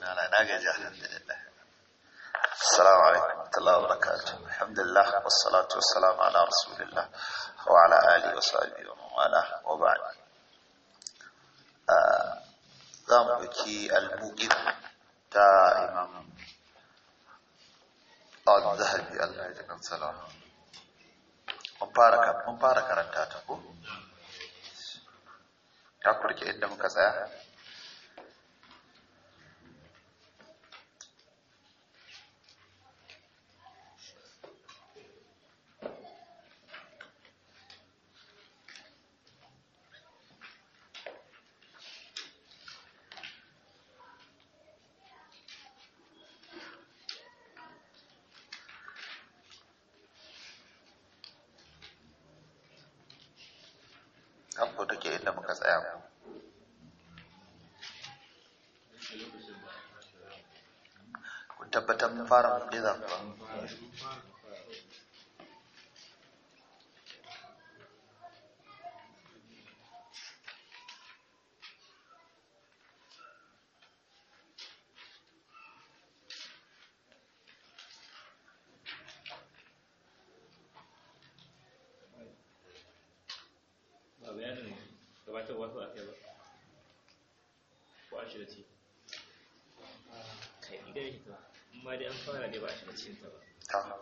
na gaji alhamdulillah assalamu wa ala wa sahbihi wa man wala ah, ta imam al-zahabi ya ji inda muka tsaya a kai ba ko a shirya ce kai idan an fara ba a shirya ce ta ba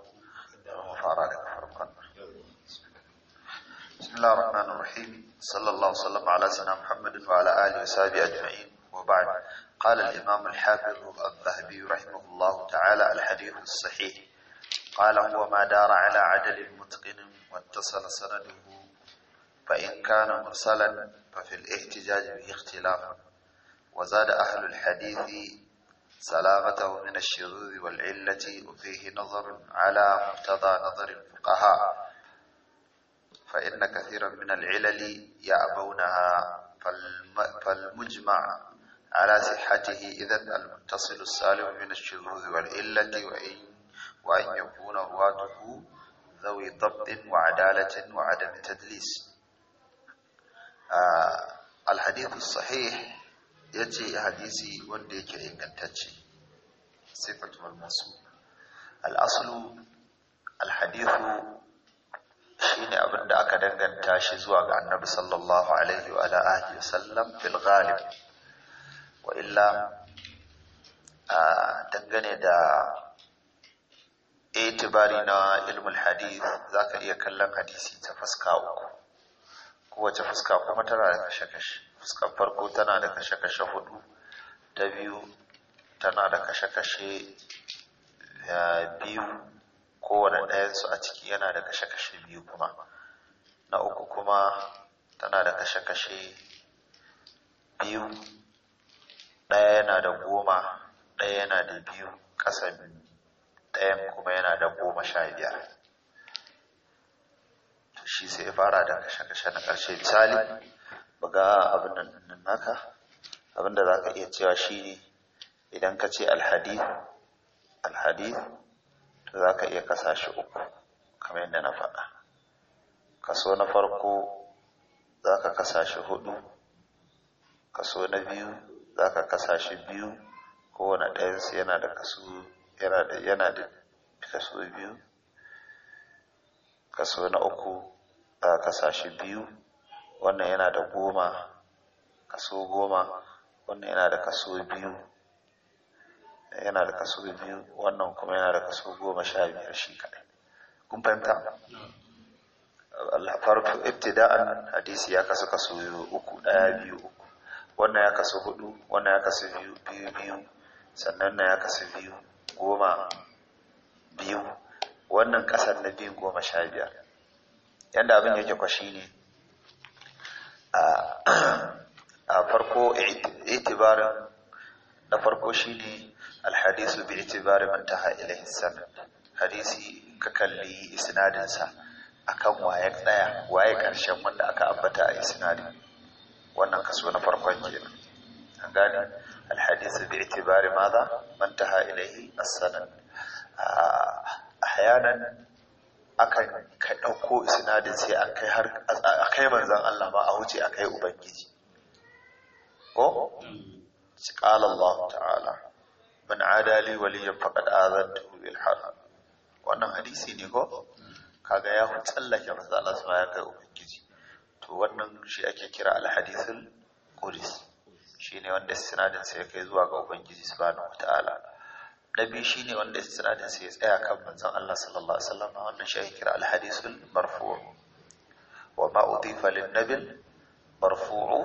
بسم الله الرحمن الرحيم صلى الله وسلم على سيدنا محمد وعلى آله وصحبه أجمعين وبعد قال الإمام الحافظ الذهبي رحمه الله تعالى الحديث الصحيح قال هو ما دار على عدل متقن واتصل سنده فإن كان مرسلا ففي الاحتجاج به اختلاف وزاد أهل الحديث سلامته من الشذوذ والعلة وفيه نظر على مقتضى نظر الفقهاء فإن كثيرا من العلل يأبونها فالمجمع على صحته إذا المتصل السالم من الشذوذ والعلة وإن وأن يكون رواته ذوي ضبط وعدالة وعدم تدليس alhadithu sahih ya ce hadisi wanda yake ingantacce sifatul al aslu alhadithu shi ne abinda aka danganta shi zuwa ga annabi sallallahu alaihi wa ala'ahi wasallam fil ghalib wa illa dangane da itibari na ilmul hadith za ka iya kallon hadisi ta fuska uku kowace fuska kuma tana da kashe-kashe fuskan farko tana da kashe-kashe hudu ta biyu tana da kashe-kashe biyu kowane ɗayansu a ciki yana da kashe-kashe biyu kuma na uku kuma tana da kashe-kashe biyu ɗaya yana da goma ɗaya yana da biyu ƙasa ɗayan kuma yana da goma sha biyar shi sai ya fara da kashe-kashe na ƙarshe misali buga abin nan naka abin da za ka iya cewa shi idan ka ce alhadith alhadith to za ka iya kasa shi uku kamar yadda na faɗa kaso na farko za ka kasa shi hudu kaso na biyu za ka kasa shi biyu kowane ɗayansu yana da kaso yana da kaso biyu kaso na uku ka kasashe biyu wannan yana da goma kaso goma wannan yana da kaso biyu yana da kaso biyu wannan kuma yana da kaso goma sha biyar shi kaɗai kun fahimta farko ibtida'an hadisi ya kasu kaso uku ɗaya biyu uku wannan ya kasu hudu wannan ya kasu biyu biyu biyu sannan na ya kasu biyu goma biyu wannan kasar na biyu goma sha biyar yadda abin yake kwashi ne a farko itibarin da farko shi ne alhadisu bi itibarin mantaha ilahi sanad hadisi ka kalli isnadinsa akan waye tsaya waye ƙarshen wanda aka ambata a isnadin wannan kaso na farkon kenan an gane alhadisu bi itibari maza mantaha a as a hayanan. akan ka ɗauko sinadin sai a kai har a kai manzan Allah ba a wuce akai kai Ubangiji. Ko? Sikala Allah ta'ala, man adali waliyan faƙad azan bil haram. Wannan hadisi ne ko? Kaga ya tsallake manzan Allah su ya kai Ubangiji. To wannan shi ake kira alhadisul Qudsi. Shi ne wanda sinadin sai ya kai zuwa ga Ubangiji subhanahu wa ta'ala. na biyu ne wanda istinadin sai ya tsaya kan manzon Allah sallallahu alaihi wasallam wannan shi kira al-hadithul marfu' wa ma udifa lin-nabil marfu'u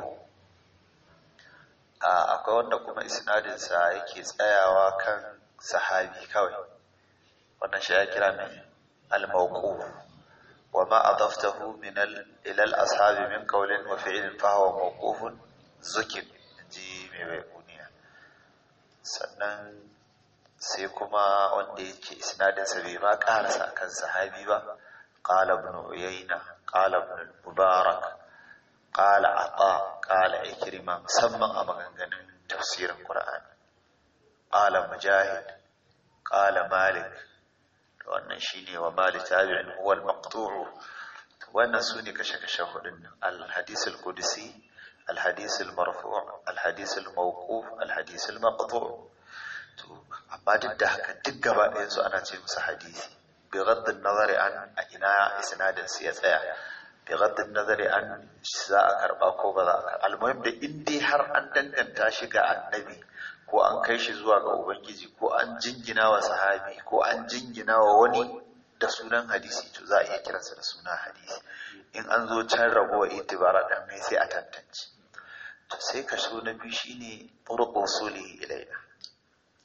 akwai wanda kuma isnadin sa yake tsayawa kan sahabi kawai wannan shi ya kira min al-mawquf wa ma adaftahu min ila al-ashabi min qawlin wa fi'lin fa huwa mawqufun zukin ji mai bayuniya sannan sai kuma wanda yake sinadinsa bai ma karasa kan sahabi ba qala ibn uyayna qala ibn mubarak qala ƙala qala ikrima musamman a maganganun tafsirin qur'ani qala mujahid ƙala malik wannan shi ne wa malik tabi'in huwa maqtuu wannan sune kashe-kashe hudun al hadisul al-qudsi al al-marfu' al-hadith al-mawquf al al-maqtu' amma duk da haka duk gaba ɗayansu ana ce musu hadisi bi gaddin nazari an a ina isnadin su ya tsaya bi gaddin nazari an za a karba ko ba za a karba almuhim da in dai har an danganta shi ga annabi ko an kai shi zuwa ga ubangiji ko an jingina wa sahabi ko an jingina wa wani da sunan hadisi to za a iya kiransa da sunan hadisi in an zo can rabo rabuwa itibara ɗan mai sai a tantance to sai kaso na biyu shine turqul ilaina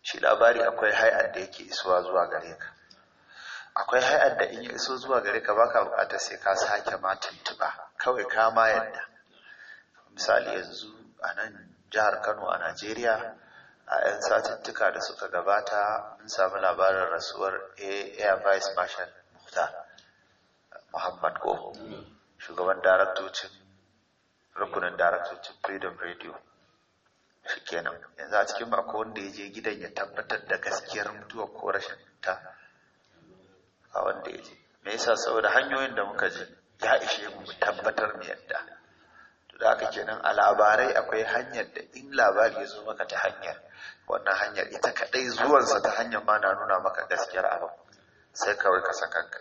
shi labari akwai hai'ar da yake isuwa zuwa gare ka akwai hai'ar da in ya iso zuwa gare ka baka bukatar sai ka sake ma tuntuba kawai ka ma yadda misali yanzu a nan jihar kano a najeriya a 'yan satuttuka da suka gabata mun sami labarin rasuwar air vice marshal muhtar muhammad ko shugaban daraktocin rukunin daraktocin freedom radio shikenan yanzu a cikin mako wanda ya je gidan ya tabbatar da gaskiyar mutuwa ko rashin ta a wanda ya je me yasa saboda hanyoyin da muka je ya ishe mu tabbatar mu yadda to da haka kenan a labarai akwai hanyar da in labari ya zo maka ta hanyar wannan hanyar ita kadai zuwansa ta hanyar ma na nuna maka gaskiyar abu, sai kawai ka kanka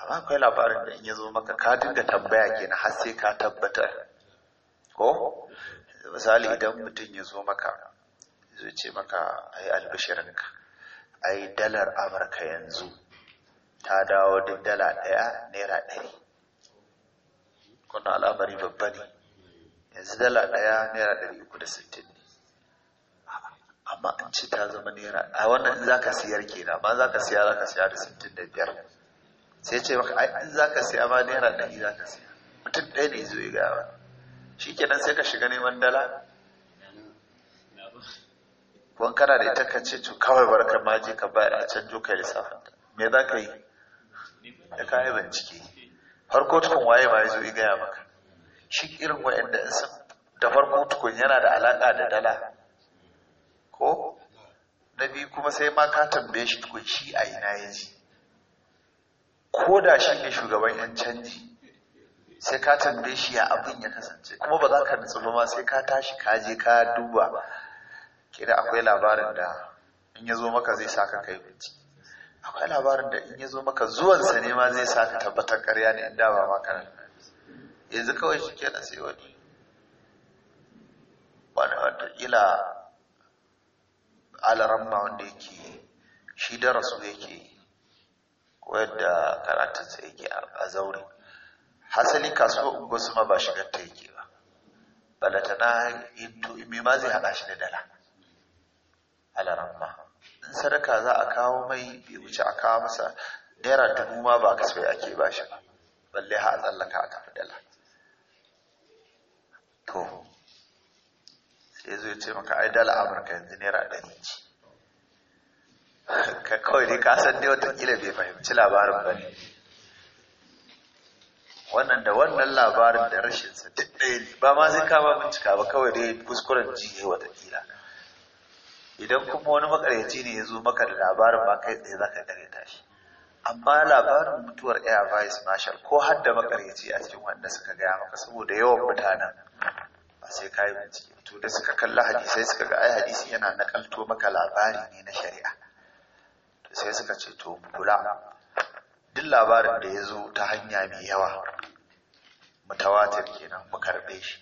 amma akwai labarin da in ya zo maka ka dinga tambaya kenan har sai ka tabbatar ko misali idan mutum ya zo maka zai ce maka ai albishirinka ai dalar amurka yanzu ta dawo duk dala ɗaya naira ɗari kuna al'amari babba ne yanzu dala ɗaya naira ɗari uku da sittin ne amma an ce ta zama naira a wannan za ka siyar na ba za ka siya za ka siya da sittin da biyar sai ce maka ai in za ka siya ma naira ɗari za ka siya mutum ɗaya ne zo ya gawa shi kenan sai ka shiga neman dala kun kana da ita ka ce to kawai barka ma je ka bayar a canjo ka lissafin me za ka yi da ka yi bincike farko tukun waye ma ya zo gaya maka shi irin wa'anda sun da farko tukun yana da alaƙa da dala ko na biyu kuma sai ma ka tambaye shi tukun shi a ina ya ji ko da shi ne shugaban 'yan canji sai ka tambaye shi ya abin ya kasance kuma ba za ka nutsu ba ma sai ka tashi ka je ka duba kira akwai labarin da in ya zo maka zai sa ka kai bincike akwai labarin da in ya zo maka zuwansa ne ma zai sa ka tabbatar karya ne in dama ma kana yanzu kawai shi na sai wani wani watakila ma wanda yake shi darasu yake koyar da karatunsa yake a zaure hasali kasuwa ungo ma ba shigar ta yake ba na into imi ma zai haɗa shi da dala alaramma in sadaka za a kawo mai bai wuce a kawo masa naira dubu ma ba kasafai ake ba shi ba balle ha a tsallaka a tafi dala to sai zai ce maka ai dala amurka yanzu naira ɗari ce ka kawai dai ka san dai watakila bai fahimci labarin ba ne wannan da wannan labarin da rashin sa duk ne ba ma zai kama bincika ba kawai da dai kuskuren ji ne watakila idan kuma wani makaryaci ne ya zo maka da labarin ba kai tsaye zaka karyata shi amma labarin mutuwar air vice marshal ko har da makaryaci a cikin wanda suka gaya maka saboda yawan mutanen ba sai ka yi bincike to da suka kalla hadisai suka ga ai hadisi yana nakalto maka labari ne na shari'a sai suka ce to kula duk labarin da ya zo ta hanya mai yawa mutawatir kenan mu karbe shi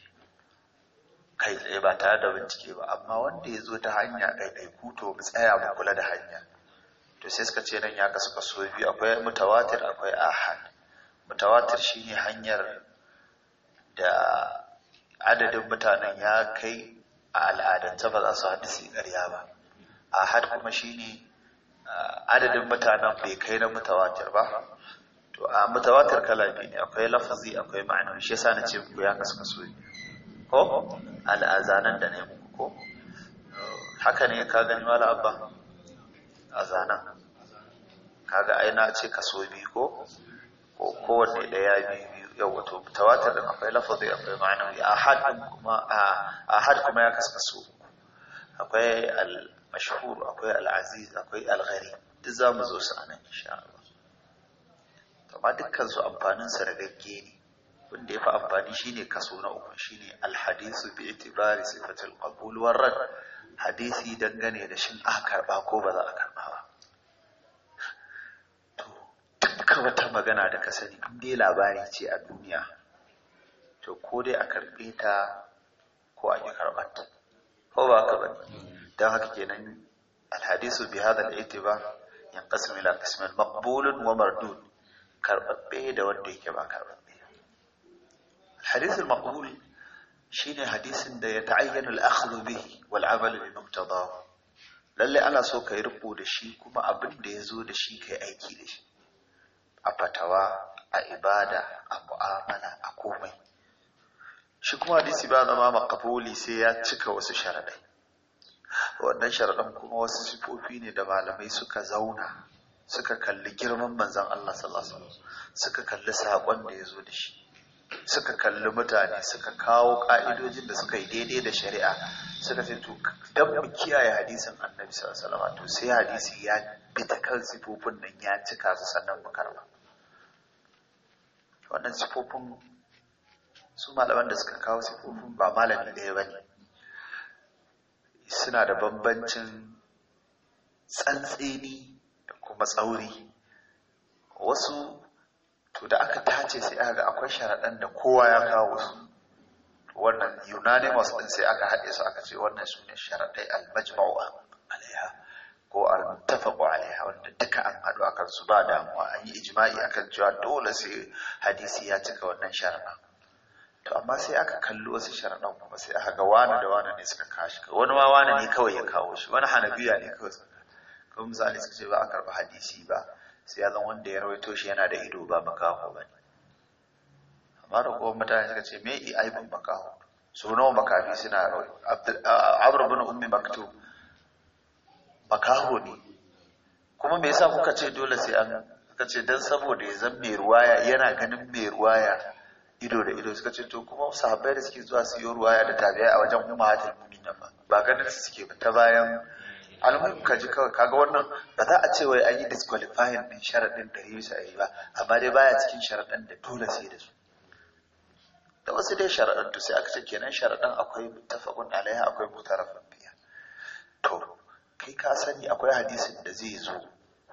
kai tsaye ba tare da bincike ba amma wanda ya zo ta hanya ɗaiɗaiku to mu tsaya mu kula da hanya to sai suka ce nan ya kasu kaso biyu akwai mutawatir akwai ahad mutawatir shine hanyar da adadin mutanen ya kai a al'adance ba za su hadisi ƙarya ba ahad kuma shine adadin mutanen bai kai na mutawatir ba to a mutawatir kala biyu ne akwai lafazi akwai ma'ana shi yasa na ce ku ya kasu kaso ko al'azanan da ne muku ko haka ne ka gani wala abba azanan kaga ai na ce kaso biyu ko ko kowanne ɗaya biyu yau wato mutawatir din akwai lafazi akwai ma'ana ahad kuma ahad kuma ya kasu kaso akwai mashhur akwai al'aziz akwai alghari duk za mu zo su a nan insha Allah amma dukkan su amfanin sa ragagge ne wanda ya fi amfani shine kaso na uku shine alhadisu bi itibari sifatil qabul war hadisi dangane da shin a karba ko ba za a karba ba to wata magana da ka sani in dai labari ce a duniya to ko dai a karbe ta ko a yi karbar ko ba ka bane don haka kenan alhadisu bi hadha ba, itibar yanqasim ila qismin maqbulun wa mardud karbabbe da wanda yake ba karbabbe alhadith al shi shine hadisin da ya ta'ayyana al-akhdhu bihi wal 'amal bi muqtadahu lalle ana so yi riko da shi kuma abin da zo da shi kai aiki da shi a fatawa a ibada a mu'amala a komai shi kuma hadisi ba zama makabuli sai ya cika wasu sharaɗai wannan sharaɗin kuma wasu sifofi ne da malamai suka zauna suka kalli girman manzan Allah sallallahu suka kalli saƙon da ya zo da shi suka kalli mutane suka kawo ƙa'idojin da suka yi daidai da shari'a suka ce to dan mu kiyaye hadisin annabi sallallahu alaihi to sai hadisi ya fita kan sifofin nan ya cika su sannan mu karba wannan sifofin su malaman da suka kawo sifofin ba malami ɗaya ba ne. suna da bambancin tsantseni da kuma tsauri wasu to da aka tace sai aka ga akwai sharaɗan da kowa ya kawo su wannan unanimous ɗin sai aka haɗe su aka ce wannan su ne sharaɗai al-majma'u alaiha ko al-muttafaqu alaiha wanda duka an haɗu akan su ba damuwa an yi ijma'i akan cewa dole sai hadisi ya cika wannan sharaɗan to amma sai aka kalli wasu sharaɗan kuma sai aka ga wani da wani ne suka kashi wani ma wani ne kawai ya kawo shi wani hanabiya ne kawai suka kuma misali suka ce ba a karɓi hadisi ba sai ya zan wanda ya rawaito shi yana da ido ba makaho ba ne amma da kuma mutane suka ce me i aibin makaho su nawa makafi suna abu bin ummi maktu makaho ne kuma me yasa kuka ce dole sai an kace ce dan saboda ya zan mai ruwaya yana ganin mai ruwaya ido da ido suka ce to kuma sahabbai da suke zuwa su siyo ya da tabiya a wajen kuma hatar mu'minin ba ba ganin su suke ba ta bayan almuhim ka ji kawai kaga wannan ba za a ce wai an yi disqualifying din sharaɗin da yi sa yi ba amma dai baya cikin sharaɗin da dole sai da su da wasu dai sharaɗin to sai aka ce kenan sharaɗin akwai muttafaqun alaiha akwai mutarafin biya to kai ka sani akwai hadisin da zai zo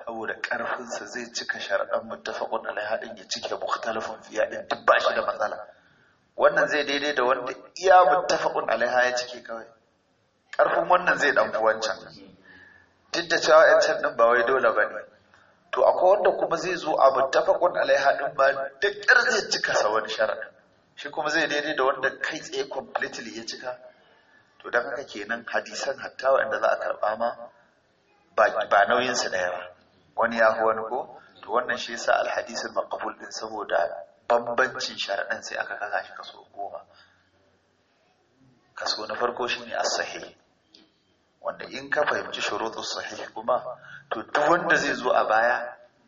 saboda ƙarfinsa zai cika sharaɗan muttafaqun alaiha din ya cike mukhtalafun fiya din duk ba shi da matsala wannan zai daidai da wanda iya muttafaqun alaiha ya cike kawai ƙarfin wannan zai dan wancan duk da cewa yancan din ba wai dole bane to akwai wanda kuma zai zo a muttafaqun alaiha din ba duk ƙyar zai cika sa wani sharaɗin shi kuma zai daidai da wanda kai tsaye completely ya cika to don haka kenan hadisan hatta wanda za a karɓa ma ba nauyinsu ɗaya ba wani ya fi wani ko to wannan shi yasa alhadisul maqbul din saboda bambancin sharadan sai aka kaza shi kaso goma kaso na farko shine as-sahih wanda in ka fahimci shurutus sahih kuma to duk wanda zai zo a baya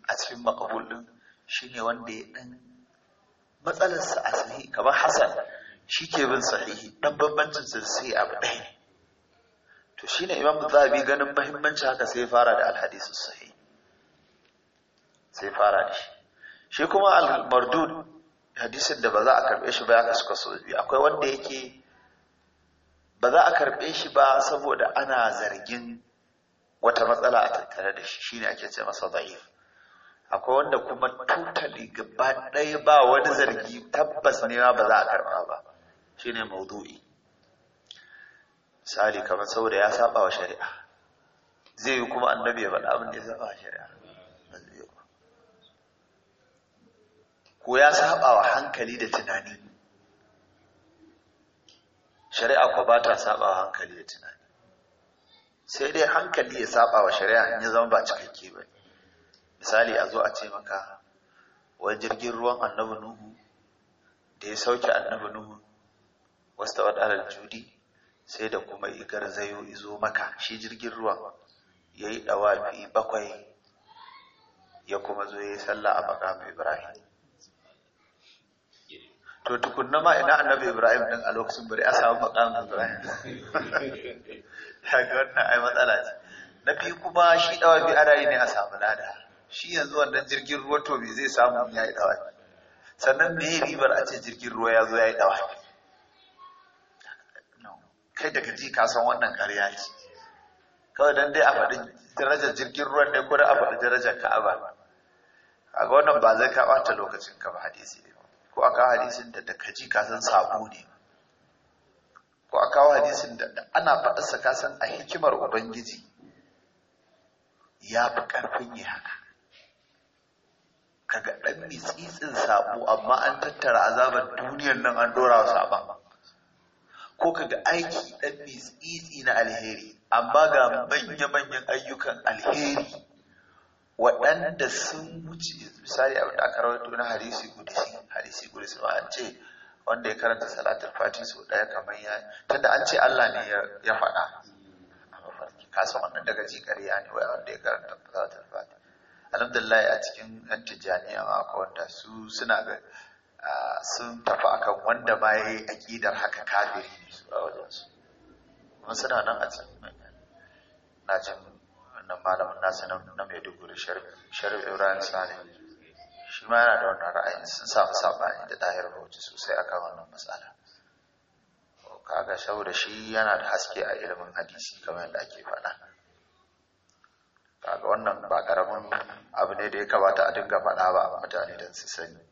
a cikin maqbul din shine wanda ya dan matsalar sa a sahihi kamar hasan shi ke bin sahihi dan bambancin sa sai a ɗaya to shine imam zabi ganin muhimmanci haka sai fara da alhadisin sahih sai fara da shi shi kuma al-mardud hadisin da ba za a karbe shi ba ya kasu kaso biyu akwai wanda yake ba za a karbe shi ba saboda ana zargin wata matsala a tattare da shi shine ake ce masa da'if akwai wanda kuma totally gaba ɗaya ba wani zargi tabbas ne ma ba za a karba ba shine maudu'i misali kamar saboda ya saba wa shari'a zai yi kuma annabi ya faɗa abin da ya saba wa shari'a ko ya saba wa hankali da tunani shari'a ko ba ta saba wa hankali da tunani sai dai hankali ya saba wa shari'a in ya zama ba cikakke ba misali a zo a ce maka wani jirgin ruwan annabi nuhu da ya sauke annabi nuhu wasu tawad alal judi sai da kuma igar zayo izo maka shi jirgin ruwan ya yi dawafi bakwai ya kuma zo ya yi sallah a baka ibrahim to tukunna ma ina annabi ibrahim din a lokacin bari a samu makamin ibrahim haka wannan ai matsala ce na biyu kuma shi dawa bi arayi ne a samu lada shi yanzu wannan jirgin ruwa to me zai samu ya yi dawa sannan me ribar a ce jirgin ruwa ya zo ya yi dawafi kai daga ji ka san wannan ƙarya ce kawai dan dai a faɗi darajar jirgin ruwan ne ko da a faɗi darajar ka'aba a ga wannan ba zai ka lokacin ka ba hadisi ko a kawo hadisin da ka ji ka san sabo ne ko a kawo hadisin da ana sa ka san a hikimar ubangiji ya fi ƙarfin yi haka kaga ɗan mitsitsin sabo amma an tattara azabar duniyar nan an ɗora wa sabon ko kaga aiki ɗan mitsitsi na alheri amma ga manya-manyan ayyukan alheri waɗanda sun wuce misali abin da aka rawaito na hadisi gudusi hadisi ma an ce wanda ya karanta salatul fati sau ɗaya kamar ya tunda an ce Allah ne ya faɗa a mafarki kasan wannan daga ji ƙarya ne wai wanda ya karanta salatul fati alhamdulillah a cikin yan tijjaniya ma akwai wanda su suna ga sun tafi akan wanda ma ya yi aƙidar haka kafiri ne su a wajensu kuma suna nan a cikin na jin wannan malamin nasu na maiduguri sharif ibrahim sani shi ma yana da wannan ra'ayin sun samu saɓani da ɗahir bauchi sosai kan wannan matsala kaga saboda shi yana da haske a ilimin hadisi kamar yadda ake faɗa kaga wannan ba ƙaramin abu ne da ya kamata a dinga faɗa ba mutane don su sani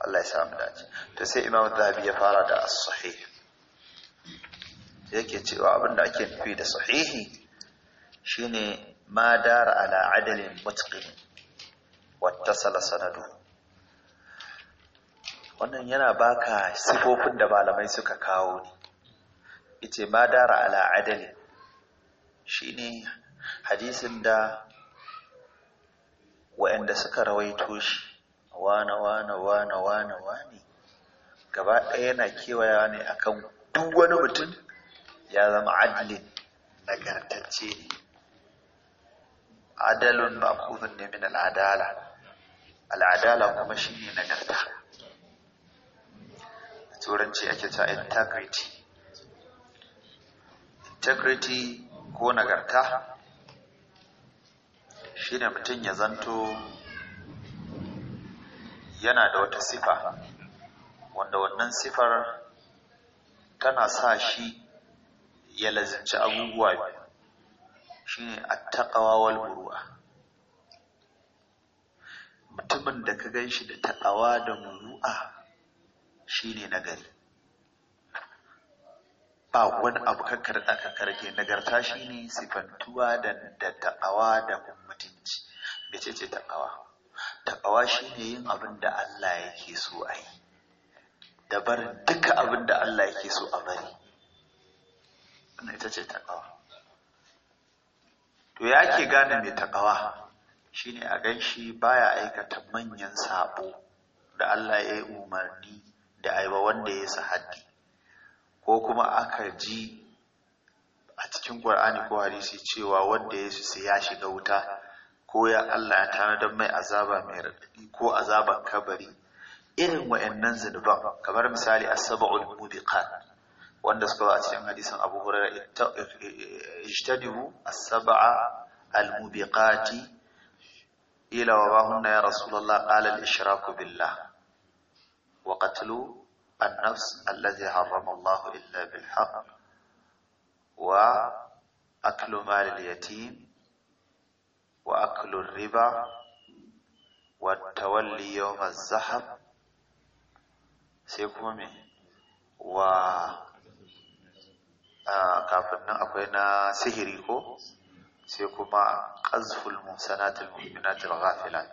Allah ya samu dace to sai Imam Zahabi ya fara da as-sahih yake cewa abinda ake nufi da sahihi shine ma dara ala adalin mutqin wattasala sanadu wannan yana baka sifofin da malamai suka kawo ne yace ma dara ala adalin shine hadisin da wa'anda suka rawaito shi wana wana wana wana wani gaba ɗaya yana kewaya ne akan duk wani mutum ya zama adalin nagartacce ne adalun ma'kufin ne min al'adala al'adala kuma garta. nagarta turanci ake ta integrity integrity ko nagarta ne mutum ya zanto yana da wata sifa wanda wannan sifar tana sa shi ya lazimci abubuwa biyu ne a wal mutumin da ka ganshi da taƙawa da muru'a shine nagari ba wani abu kakkar tsakarkarke nagarta shine sifantuwa da da taqawa da mutunci mece ce taƙawa shi shine yin abin da Allah yake so a yi da duka abin da Allah yake so a bari wannan ita ce taƙawa to ya ke gane mai shi shine a gan shi baya aikata manyan sabo da Allah ya yi umarni da aiwa wanda ya sa haddi ko kuma aka ji a cikin ƙwar'ani ko hadisi cewa wanda ya sai ya shiga wuta ko ya Allah ya tana tanadar mai azaba mai raɗaɗi ko azaban kabari irin wa'annan zunuban kamar misali as-sab'ul mubiqat wanda suka zo a cikin hadisin Abu Hurairah ijtanibu as-sab'a al-mubiqati ila wa bahunna ya Rasulullah qala al-ishraku billah wa qatlu النفس الذي حرم الله إلا بالحق وأكل مال اليتيم وأكل الربا والتولي يوم الزحف سيكون و kafin nan akwai na sihiri ko sai kuma qazful muhsanatil mu'minatil ghafilat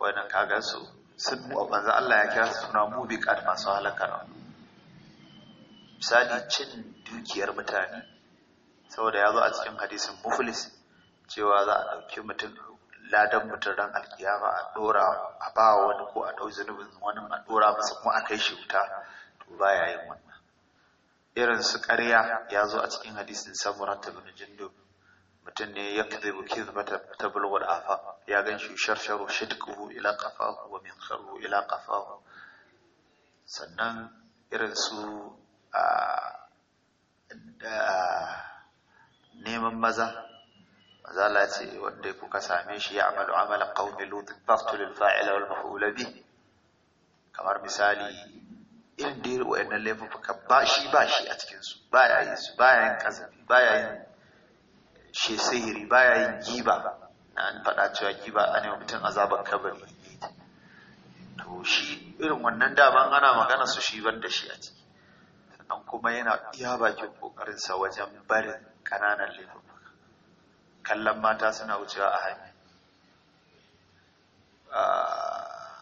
wannan kaga su sun mu manzo Allah ya kira su suna mu kad masu ne misali cin dukiyar mutane saboda ya zo a cikin hadisin muflis cewa za a ɗauki mutum ladan mutum ran alkiyama a ɗora a ba wani ko a dauki zunubin wani a ɗora masa kuma a kai shi wuta to baya yin wannan irin su ƙarya ya zo a cikin hadisin samura ta bin jindo mutum ne ya buki zuba ta bulwar afa ya gan shi sharsharo shidquhu ila qafahu wa min kharu ila qafahu sannan irin su neman maza maza la ce wanda ya kuka same shi ya amalu amalan qaumi lutin faqtul fa'ila wal maf'ula kamar misali irin da irin wayannan laifuka ba shi ba shi a cikinsu. Ba ya yin su ya yin kazafi ya yin she sihiri ya yin giba na an faɗa cewa giba a yi mutum azabar kabari to shi irin wannan daman ana magana su shi ban da shi a ciki sannan kuma yana iya bakin sa wajen barin ƙananan laifuka kallon mata suna wucewa a hanya ah,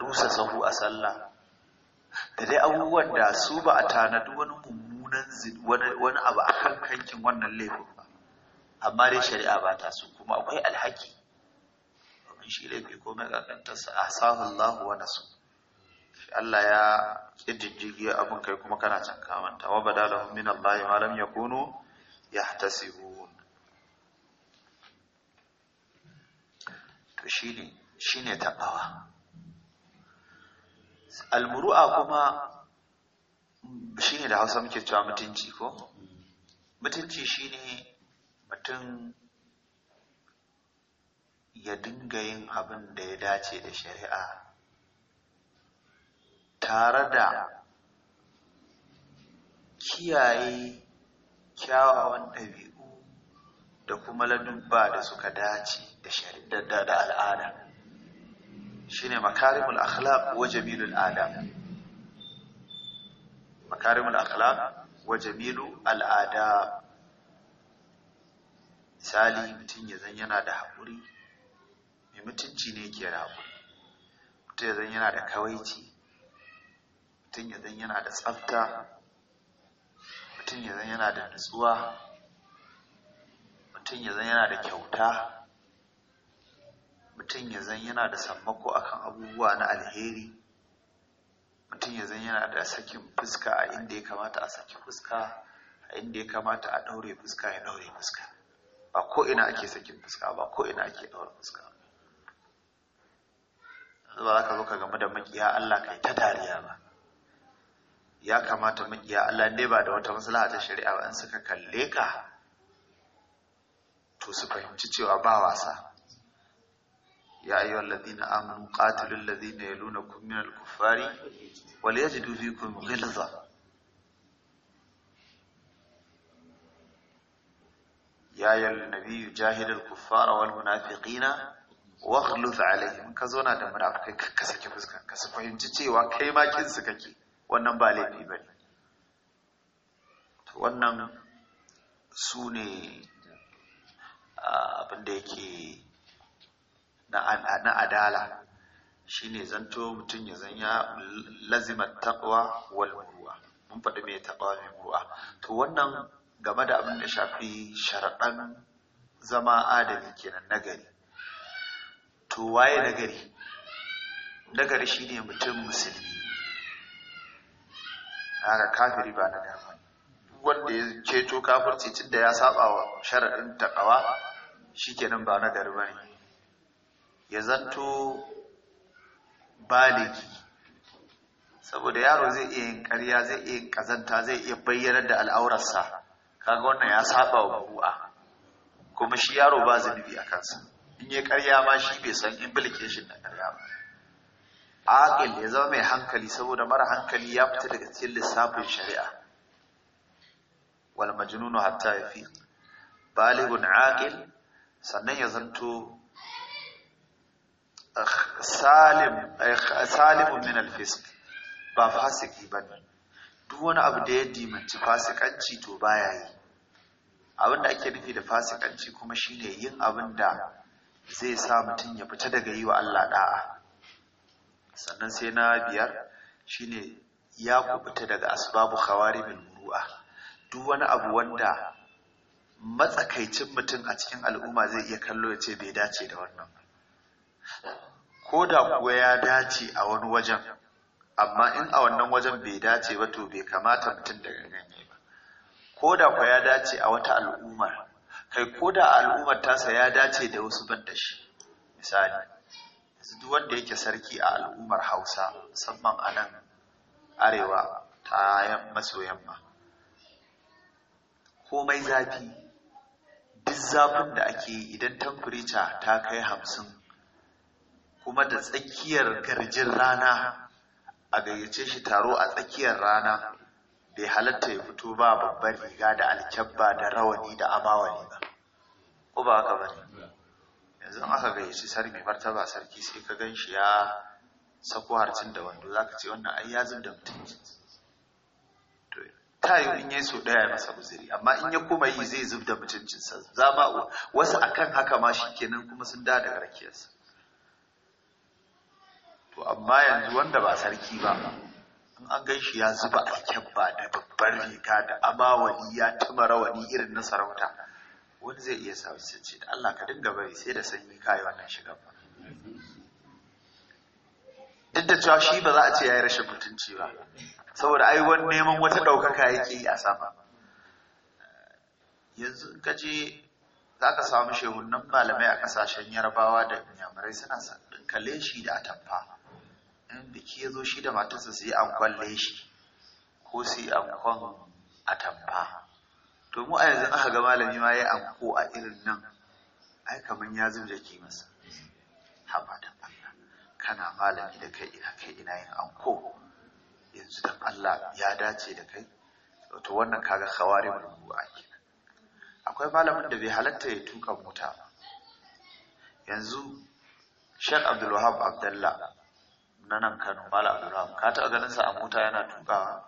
rusa sahu a sallah da dai abubuwan da su ba a tanadi wani mummunan wani abu a kan kankin wannan laifin ba amma dai shari'a ba ta su kuma akwai alhaki domin shi laifi ko mai kakantarsa a sahullahu wa su. shi Allah ya ƙididdige abin kai kuma kana can kamanta wa da, min Allah ma ya yakunu yahtasibun to shi ne tabawa almuru'a kuma shi ne da hausa muke cewa mutunci ko mutunci shi ne mutum ya dinga yin abin da ya dace da shari'a tare da kiyaye kyawawan ɗabi'u da kuma ladubba da suka dace da al'ada shine makarimul akhlaq wa jamilul adab makarimul akhlaq wa jamilul adab misali mutum ya zan yana da hakuri, mai mutunci ne yake da hakuri, mutum ya zan yana da kawaici mutum ya zan yana da tsafta mutum ya zan yana da nutsuwa mutum ya zan yana da kyauta mutum ya zan yana da sammako akan abubuwa na alheri mutum ya zan yana da sakin fuska a inda ya kamata a saki fuska a inda ya kamata a ɗaure fuska ya ɗaure fuska ba ko ina ake sakin fuska ba ko ina ake ɗaure fuska ba za ka zo ka game da makiya Allah kai ta dariya ba ya kamata makiya Allah ne ba da wata maslaha ta shari'a ba in suka kalle ka to su fahimci cewa ba wasa يا أيها الذين آمنوا قاتلوا الذين يلونكم من الكفار وليجدوا فيكم غلظة يا أيها النبي جاهد الكفار والمنافقين واغلظ عليهم كزونا da munafikai ka saki fuskan ka su fahimci cewa kai ma kin su kake wannan ba laifi bane to wannan su ne abin da yake na adala shine zanto mutum ya zan ya lazimar taqwa wal mun faɗi mai taqwa mai muruwa to wannan game da abin da shafi sharaɗan zama adali kenan nagari to waye nagari nagari shine mutum musulmi haka kafiri ba na dama wanda ya ceto kafirci da ya saba wa sharaɗin taqwa shikenan ba nagari bane ya zanto baliki saboda yaro zai iya yin ƙarya zai iya yin ƙazanta zai iya bayyanar da al'aurarsa kaga wannan ya saba wa bu'a kuma shi yaro ba zunubi a kansa in yi ƙarya ma shi bai san implication na ƙarya ba aqil ya zama mai hankali saboda mara hankali ya fita daga cikin lissafin shari'a wal majnunu hatta yafiq balighun aqil sannan ya zanto salim salim min alfisk ba fasiki bane duk wani abu da ya dimanci fasikanci to baya yi abin da ake nufi da fasikanci kuma shine yin abin da zai sa mutum ya fita daga yi wa Allah da'a sannan sai na biyar shine ya kubuta daga asbabu khawaribil muru'a duk wani abu wanda matsakaicin mutum a cikin al'umma zai iya kallo ya ce bai dace da wannan ko da kuwa ya dace a wani wajen amma in a wannan wajen bai dace ba to bai kamata mutum daga ganye ba ko da kuwa ya dace a wata al'ummar kai ko da al'ummar tasa ya dace da wasu ban da shi misali yanzu duk wanda yake sarki a al'ummar hausa musamman a nan arewa ta maso yamma komai zafi duk zafin da ake idan temperature ta kai hamsin kuma da tsakiyar garjin rana a gayyace shi taro a tsakiyar rana bai halatta ya fito ba babban riga da alkyabba da rawani da amawani ba ko ba haka bane yanzu aka gayyaci sarki mai martaba sarki sai ka gan shi ya sako harcin da wando zaka ce wannan ai ya zub da to ta yi in yayi so daya masa uzuri amma in ya koma yi zai zub da mutuncinsa za ba wasu akan haka ma shikenan kuma sun da daga rakiyarsa to amma yanzu wanda ba sarki ba in an gan shi ya zuba alkyabba da babbar rika da amawali ya tuma rawani irin na sarauta wani zai iya sa wasu ce Allah ka dinga bari sai da sanyi kayi wannan shiga ba duk da cewa shi ba za a ce ya yi rashin mutunci ba saboda ai wani neman wata ɗaukaka yake yi a sama yanzu in ka je za ka samu shehunan malamai a ƙasashen yarabawa da inyamurai suna kale shi da atamfa in biki ya zo shi da matarsa sai an kwalle shi ko sai an kwan atamfa to mu a yanzu aka ga malami ma ya anko a irin nan ai kaman ya zuba jaki masa haba da Allah kana malami da kai ina kai ina yin anko yanzu da Allah ya dace da kai to wannan kaga khawari ruwa ake akwai malamin da bai halatta ya tuka mota ba yanzu Sheikh Abdul Wahab Abdullah na nan Kano Malam Abdulrahman ka taɓa ganin sa a mota yana tukawa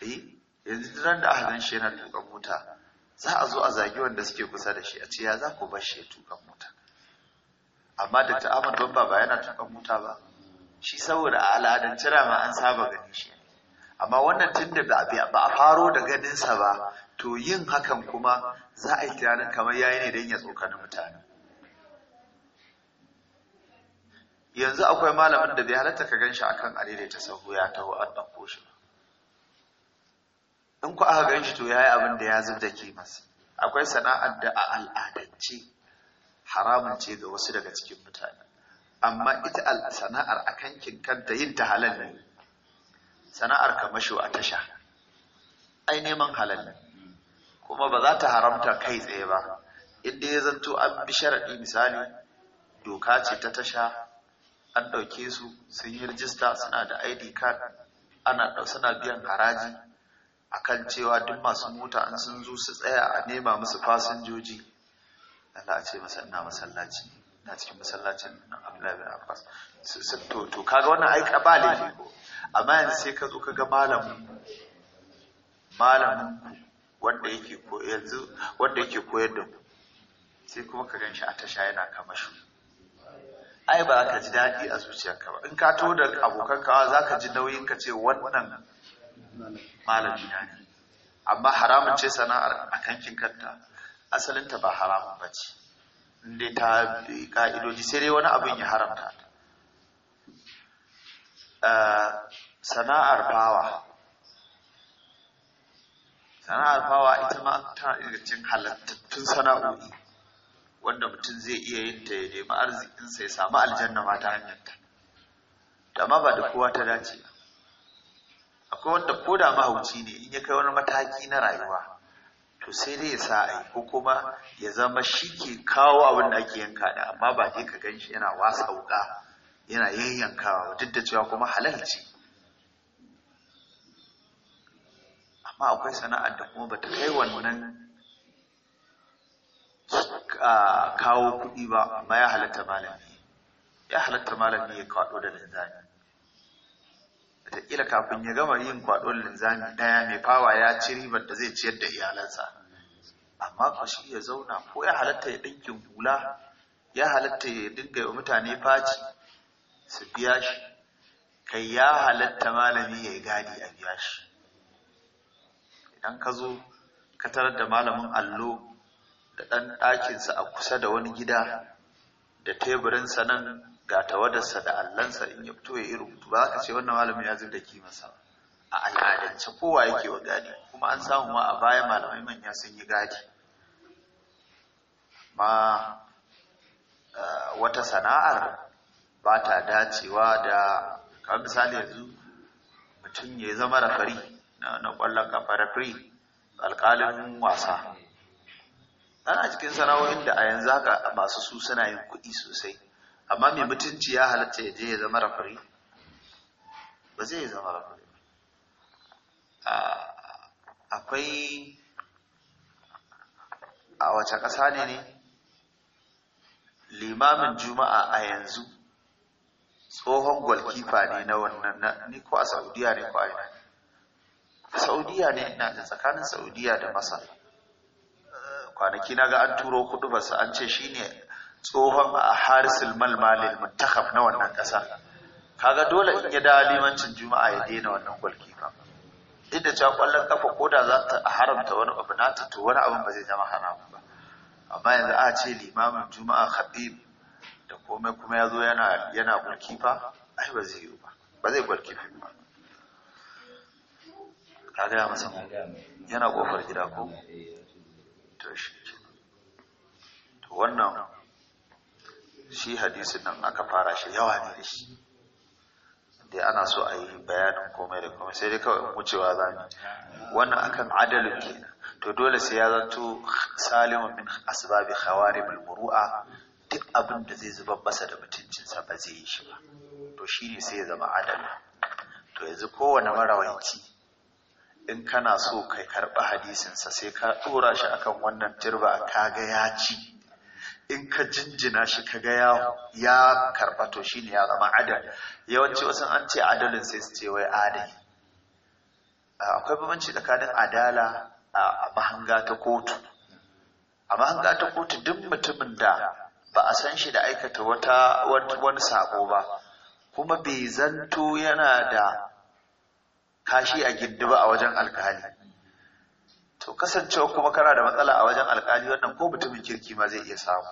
eh yanzu ran da aka gan shi yana tuka mota za a zo a zagi wanda suke kusa da shi a ce ya za ku bar shi ya tuka mota amma da ta Ahmad Bamba ba yana tuka mota ba shi saboda a al'adan cira ma an saba gani shi amma wannan tunda ba a faro da ganin sa ba to yin hakan kuma za a yi tunanin kamar yayi ne don ya tsokani mutane yanzu akwai malamin da bai halatta ka ganshi akan arere ta sahu ya taho an in ku aka ganshi to yayi abin da ya zubda ke masa akwai sana'ar da a al'adance haramun ce ga wasu daga cikin mutane amma ita sana'ar akan kankin kanta yin ta halal ne sana'ar kamasho a tasha ai neman halal ne kuma ba za ta haramta kai tsaye ba inda ya zanto an bi sharaɗi misali doka ce ta tasha an ɗauke su sun yi rijista suna da id card ana suna biyan haraji A kan cewa duk masu mota an sun zo su tsaya a nema musu fasinjoji Allah a ce masa ina masallaci na cikin masallacin nan Abdullahi bin Abbas to to kaga wannan ai kabale ne amma yanzu sai ka zo ka ga malam malamin wanda yake yanzu wanda yake koyar da mu sai kuma ka ganshi a tasha yana kamashu ai ba ka ji daɗi a zuciyarka ba in ka to da abokan kawa za ka ji nauyin ka ce wannan malami na ne amma haramun ce sana'ar a kankin kanta asalinta ba haramun ba ce inda ta ka'idoji sai dai wani abin ya haramta ta eh, sana'ar bawa sana'ar bawa ita ma tana daga cikin halattattun sana'o'i wanda mutum zai iya yin ta ya nemi arzikinsa ya samu aljanna ma ta hanyar da ma ba da kowa ta dace akwai wanda ko da mahauci ne in ya kai wani mataki na rayuwa to sai dai ya sa a yi ko kuma ya zama shi ke kawo abin da ake yanka da amma ba dai ka gan shi yana wasa wuka yana yayyankawa duk da cewa kuma halal ce amma akwai sana'ar da kuma bata kai wannan kawo kuɗi ba amma ya halatta malami ya halatta malami ya kwaɗo da linzami wataƙila kafin ya gama yin kwaɗo linzami ɗaya mai fawa ya ci ribar da zai ciyar da iyalansa amma shi ya zauna ko ya halatta ya ɗinkin hula ya halatta ya dinga wa mutane faci su biya shi kai ya halatta malami ya yi gadi a biya shi idan ka zo ka tarar da malamin allo da ɗan ɗakinsa a kusa da wani gida da teburinsa nan ga tawadarsa da allansa in ya fito ya yi rubutu ba ka ce wannan malamin ya da masa a al'adance kowa yake wa gadi kuma an samu ma a baya malamai manya sun yi gadi ma eh, wata sana'ar ba ta dacewa da kamar misali yanzu mutum ya zama rafari na ƙwallon kafa rafari alƙalin wasa ana cikin sana'o'in da a yanzu haka masu su suna yin kuɗi sosai amma mai mutunci ya halatta ya je ya zama rafari ba zai zama rafari akwai a wace ƙasa ne ne limamin juma'a a yanzu tsohon gwalkifa ne na wannan ni ko a saudiya ne ko a saudiya ne na tsakanin saudiya da masar kwanaki na ga an turo kudu su an ce shine tsohon a harisul malmalin muntakaf na wannan ƙasa kaga dole in ya da limancin juma'a ya daina wannan golkifa ba inda cewa kwallon kafa ko da za ta haramta wani abu na ta to wani abu ba zai zama haram ba amma yanzu a ce limamin juma'a khatib da komai kuma ya zo yana yana golkifa ai ba zai yi ba ba zai golkifa ba ka gaya masa yana kofar gida ko to to wannan shi hadisin nan aka fara shi yawa ne da shi dai ana so a yi bayanin komai da komai sai dai kawai in wucewa za mu wannan akan adalin kenan to dole sai ya zanto salimu min asbabi khawarimul muru'a duk abin da zai zubar basa da mutuncinsa ba zai yi shi ba to ne sai ya zama adalin to yanzu kowane marawanci in kana so kai karɓi hadisinsa sai ka ɗora shi akan wannan turba ka ga ya ci in ka jinjina shi ka ga ya karɓa to shi ne ya zama adal yawanci wasu an ce adalin sai su ce wai adai akwai bambanci tsakanin adala a mahanga ta kotu a mahanga ta kotu duk mutumin da ba a san shi da aikata wata wani sako ba kuma bai zanto yana da kashi a gindiba a wajen alkali to kasancewa kuma kana da matsala a wajen alkali wannan ko mutumin kirki ma zai iya samu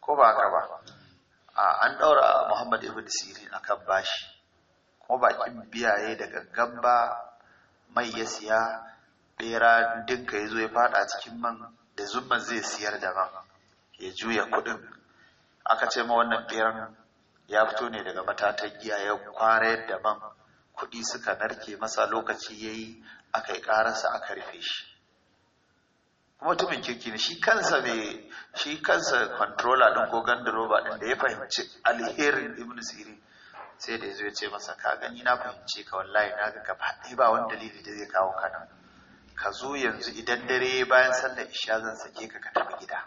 ko ba haka ba an ɗaura muhammad ibn sirin akan bashi kuma bakin biyaye daga gamba mai ya siya bera dinka ya zo ya fada cikin man da zumman zai siyar da man ya juya kuɗin aka ce ma wannan beran ya fito ne daga matatan giya ya kware da man kuɗi suka narke masa lokaci ya yi aka yi ƙararsa aka rufe shi kuma mutumin kirki ne shi kansa mai shi kansa controller ɗin ko gandaroba ɗin da ya fahimci alherin ibn siri sai da yazo ya ce masa ka gani na fahimci ka wallahi na ga gaba ɗaya ba wani dalili da zai kawo ka nan ka zo yanzu idan dare bayan sallar isha zan sake ka ka tafi gida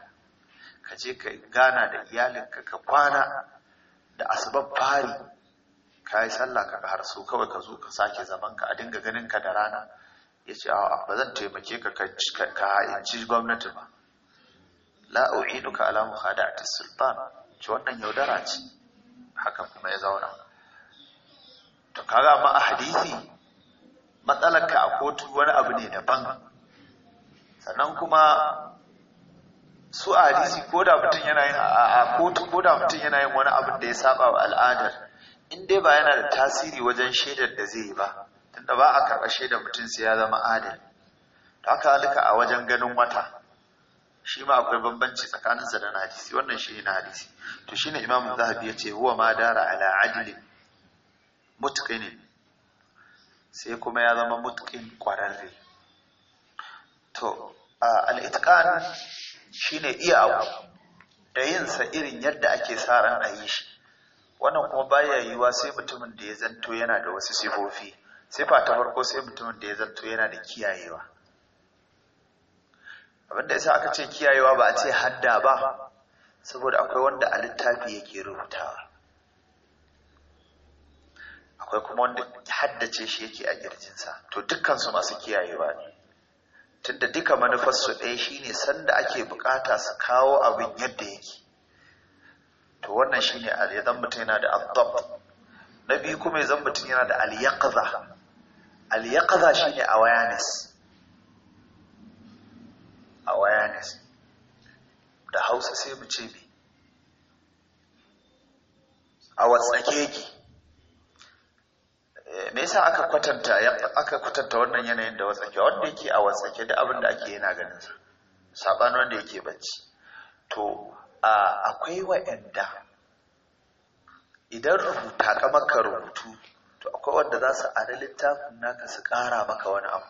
ka je ka gana da iyalinka ka kwana da asuban fari ka yi sallah ka har su kawai ka zo ka sake zaman ka a dinga ganin ka da rana ya ce a'a ba zan taimake ka ka inci gwamnati ba la alamu ala muhadati sultan ci wannan yaudara ce haka kuma ya zauna to kaga ma a hadisi matsalar ka a kotu wani abu ne daban sannan kuma su a hadisi ko da mutum yana yin a kotu ko da mutum yana yin wani abin da ya saba wa al'adar in dai ba yana da tasiri wajen shaidar da zai yi ba tunda ba a karɓa shaidar mutum sai ya zama adali da haka halika a wajen ganin wata shi ma akwai bambanci tsakaninsa da na hadisi wannan shi ne na hadisi to shi ne imamu zahabi ya ce huwa ma dara ala adli mutqinin sai kuma ya zama mutqin kwararre to al-itqan ne iya abu da yin sa irin yadda ake sa ran a yi shi wannan kuma baya yiwuwa sai mutumin da ya zanto yana da wasu sifofi sifa ta farko sai mutumin da ya zanto yana da kiyayewa abinda yasa aka ce kiyayewa ba a ce hadda ba saboda akwai wanda a littafi yake rubutawa akwai kuma wanda haddace shi yake a girjinsa to dukkansu masu kiyayewa ne tunda duka manufarsu ɗaya shine sanda ake bukata su kawo abin yadda yake to wannan shine ya zan mutum yana da adab na biyu kuma ya zan mutum yana da al-yaqza al-yaqza shine awareness awareness da Hausa sai mu ce bi. a yake. Eh, me yasa aka kwatanta aka kwatanta wannan yanayin da watsake wanda yake a watsake da abin da ake yana ganin sa sabanin wanda yake bacci to akwai wa'yanda idan rubuta ka maka rubutu to akwai wanda za su ari littafin naka su ƙara maka wani abu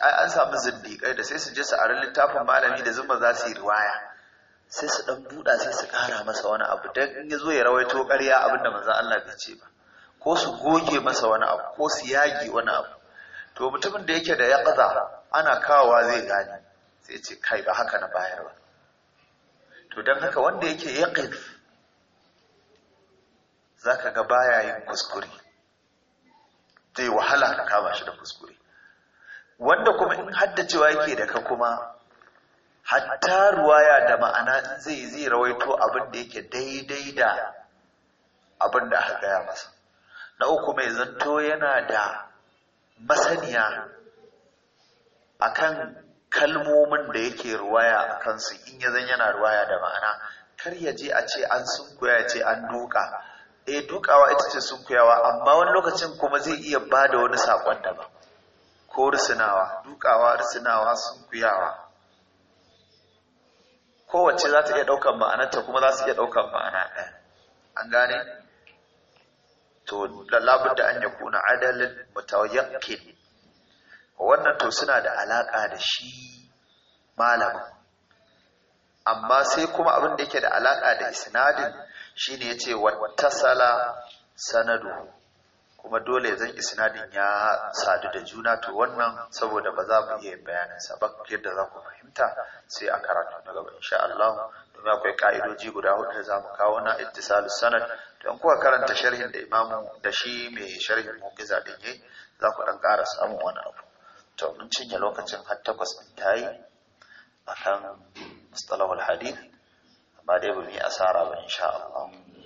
ai an samu zindiƙai da sai su je su ari littafin malami da zuma za su yi riwaya sai su ɗan buɗa sai su ƙara masa wani abu don in ya zo ya rawaito ƙarya abin da manzan Allah bai ce ba ko su goge masa wani abu ko su yage wani abu to mutumin da yake da ya ana kawowa zai gane sai ce kai ba haka na bayar ba to don haka wanda yake za zaka ga baya yin kuskure zai wahala ka kama shi da kuskure wanda kuma in haddacewa yake da ka kuma hatta ruwaya da ma'ana zai zai rawaito abin da yake daidai da abin da aka gaya masa na uku mai zanto yana da masaniya akan kalmomin da yake ruwaya a kansu in ya zan yana ruwaya da ma'ana kar ya je a ce an sunkuya ya ce an duka eh dukawa ita ce sunkuyawa amma wani lokacin kuma zai iya ba da wani saƙon daban ko risinawa dukawa risinawa sunkuyawa kowace za ta iya ɗaukar ma'anarta kuma za su iya ɗaukar ma'ana ɗaya an gane to da an kuna adalin mutawakkin wannan to suna da alaƙa da shi malamin amma sai kuma abin da yake da alaƙa da isnadin shine yace ce wattasala sanadu kuma dole zan isnadin ya sadu da juna to wannan saboda ba za mu iya bayaninsa ba yadda za ku fahimta sai a karatu na gaba insha Allah domin akwai ka'idoji guda hudu da za mu kawo na ittisalus sanad don kuka karanta sharhin da imamu da shi mai sharhin mugiza din yayi za ku dan ƙara samun wani abu to mun cinye lokacin har takwas in tayi akan a kan mustalahul hadith amma dai ba mu yi asara ba insha Allah